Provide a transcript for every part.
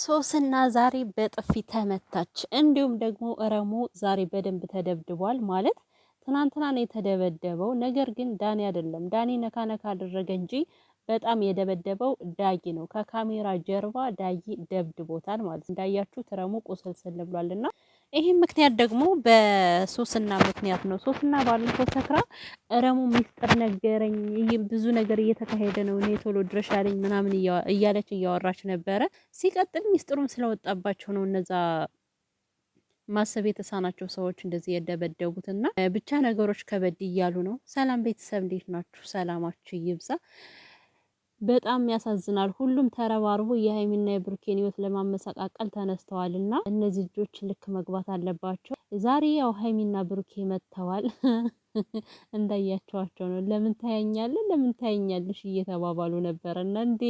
ሶስና ዛሬ በጥፊ ተመታች። እንዲሁም ደግሞ ረሙ ዛሬ በደንብ ተደብድቧል። ማለት ትናንትና ነው የተደበደበው። ነገር ግን ዳኒ አይደለም። ዳኒ ነካ ነካ አደረገ እንጂ በጣም የደበደበው ዳጊ ነው። ከካሜራ ጀርባ ዳጊ ደብድቦታል ማለት እንዳያችሁት ረሙ ቁስል ስል ብሏልና ይህም ምክንያት ደግሞ በሶስና ምክንያት ነው። ሶስና ባለፈው ሰክራ ረሙ ሚስጥር ነገረኝ፣ ብዙ ነገር እየተካሄደ ነው፣ እኔ ቶሎ ድረሽ ምናምን እያለች እያወራች ነበረ። ሲቀጥል ሚስጥሩም ስለወጣባቸው ነው እነዛ ማሰብ የተሳናቸው ሰዎች እንደዚህ የደበደቡት እና ብቻ ነገሮች ከበድ እያሉ ነው። ሰላም ቤተሰብ እንዴት ናችሁ? ሰላማችሁ ይብዛ። በጣም ያሳዝናል። ሁሉም ተረባርቦ የሀይሚና የብሩኬን ህይወት ለማመሰቃቀል ተነስተዋል እና እነዚህ ልጆች ልክ መግባት አለባቸው። ዛሬ ያው ሀይሚና ብሩኬ መጥተዋል። እንዳያቸዋቸው ነው ለምን ታያኛለህ፣ ለምን ታያኛለሽ እየተባባሉ ነበረ እና እንዴ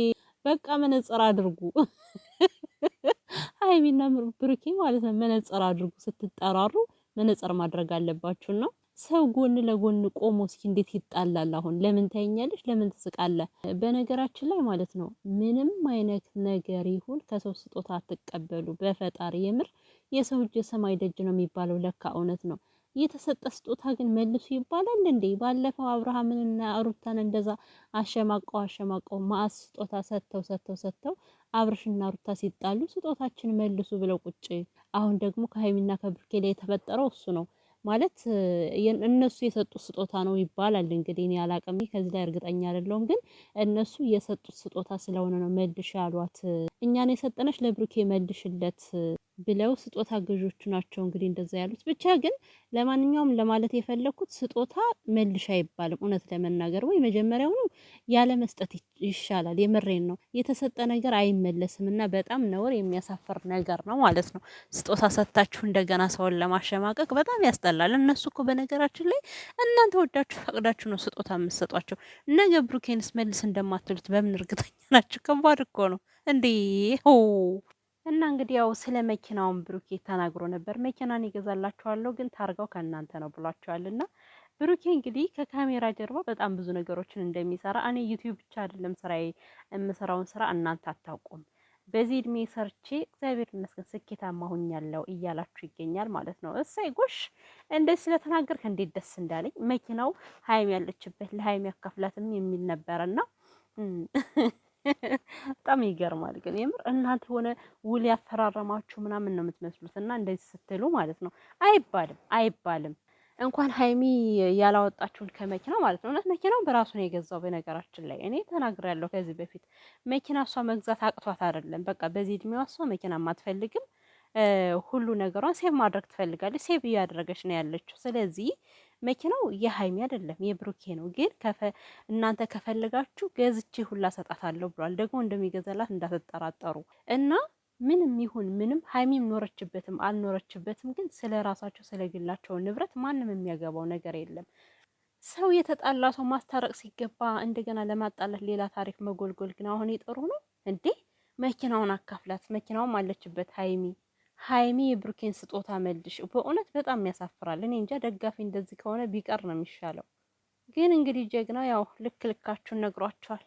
በቃ መነጽር አድርጉ ሀይሚና ብሩኬ ማለት ነው። መነጽር አድርጉ ስትጠራሩ መነጽር ማድረግ አለባችሁ ነው። ሰው ጎን ለጎን ቆሞ እስኪ እንዴት ይጣላል? አሁን ለምን ታይኛለሽ? ለምን ትስቃለህ? በነገራችን ላይ ማለት ነው ምንም አይነት ነገር ይሁን ከሰው ስጦታ አትቀበሉ። በፈጣሪ የምር የሰው እጅ የሰማይ ደጅ ነው የሚባለው። ለካ እውነት ነው። የተሰጠ ስጦታ ግን መልሱ ይባላል እንዴ? ባለፈው አብርሃምንና ሩታን እንደዛ አሸማቀው አሸማቀው ማአት ስጦታ ሰጥተው ሰጥተው ሰጥተው አብርሽና ሩታ ሲጣሉ ስጦታችን መልሱ ብለው ቁጭ። አሁን ደግሞ ከሀይሚና ከብርኬ ላይ የተፈጠረው እሱ ነው። ማለት እነሱ የሰጡት ስጦታ ነው ይባላል። እንግዲህ እኔ አላቅም፣ ከዚህ ላይ እርግጠኛ አይደለሁም። ግን እነሱ የሰጡት ስጦታ ስለሆነ ነው መልሽ ያሏት። እኛን የሰጠነች ለብሩኬ መልሽለት ብለው ስጦታ ገዦቹ ናቸው እንግዲህ እንደዛ ያሉት። ብቻ ግን ለማንኛውም ለማለት የፈለግኩት ስጦታ መልሽ አይባልም እውነት ለመናገር ወይ መጀመሪያውኑ ያለ መስጠት ይሻላል። የምሬን ነው። የተሰጠ ነገር አይመለስም እና በጣም ነውር የሚያሳፍር ነገር ነው ማለት ነው። ስጦታ ሰጥታችሁ እንደገና ሰውን ለማሸማቀቅ በጣም ያስጠላል። እነሱ እኮ በነገራችን ላይ እናንተ ወዳችሁ ፈቅዳችሁ ነው ስጦታ የምትሰጧቸው። ነገ ብሩኬንስ መልስ እንደማትሉት በምን እርግጠኛ ናቸው? ከባድ እኮ ነው እንዴ እና እንግዲህ ያው ስለ መኪናውን ብሩኬ ተናግሮ ነበር። መኪናን ይገዛላችኋለሁ ግን ታርጋው ከእናንተ ነው ብሏቸዋልና ብሩኬ እንግዲህ ከካሜራ ጀርባ በጣም ብዙ ነገሮችን እንደሚሰራ እኔ ዩቲዩብ ብቻ አይደለም ስራዬ፣ የምሰራውን ስራ እናንተ አታውቁም። በዚህ እድሜ ሰርቼ እግዚአብሔር ይመስገን ስኬታማ ሆኛለሁ እያላችሁ ይገኛል ማለት ነው። እሳይ ጎሽ እንደዚህ ስለተናገርክ እንዴት ደስ እንዳለኝ። መኪናው ሀይም ያለችበት ለሀይም ያካፍላትም የሚል ነበረና በጣም ይገርማል። ግን የምር እናንተ የሆነ ውል ያፈራረማችሁ ምናምን ነው የምትመስሉት። እና እንደዚህ ስትሉ ማለት ነው አይባልም፣ አይባልም። እንኳን ሀይሚ ያላወጣችሁን ከመኪና ማለት ነው። እውነት መኪናው በራሱ ነው የገዛው። በነገራችን ላይ እኔ ያለው ከዚህ በፊት መኪና እሷ መግዛት አቅቷት አይደለም። በቃ በዚህ እድሜዋ እሷ መኪና አትፈልግም። ሁሉ ነገሯን ሴቭ ማድረግ ትፈልጋለች። ሴቭ እያደረገች ነው ያለችው። ስለዚህ መኪናው የሀይሚ አይደለም የብሩኬ ነው። ግን እናንተ ከፈለጋችሁ ገዝቼ ሁላ ሰጣታለሁ ብሏል። ደግሞ እንደሚገዛላት እንዳትጠራጠሩ እና ምንም ይሁን ምንም ሀይሚም ኖረችበትም አልኖረችበትም፣ ግን ስለ ራሳቸው ስለ ግላቸው ንብረት ማንም የሚያገባው ነገር የለም። ሰው የተጣላ ሰው ማስታረቅ ሲገባ እንደገና ለማጣላት ሌላ ታሪክ መጎልጎል ግን አሁን የጥሩ ነው እንዴ? መኪናውን አካፍላት። መኪናውም አለችበት ሀይሚ ሀይሚ የብሩኬን ስጦታ መልሽ። በእውነት በጣም ያሳፍራል። እኔ እንጃ ደጋፊ እንደዚህ ከሆነ ቢቀር ነው የሚሻለው። ግን እንግዲህ ጀግና ያው ልክ ልካችሁን ነግሯቸዋል።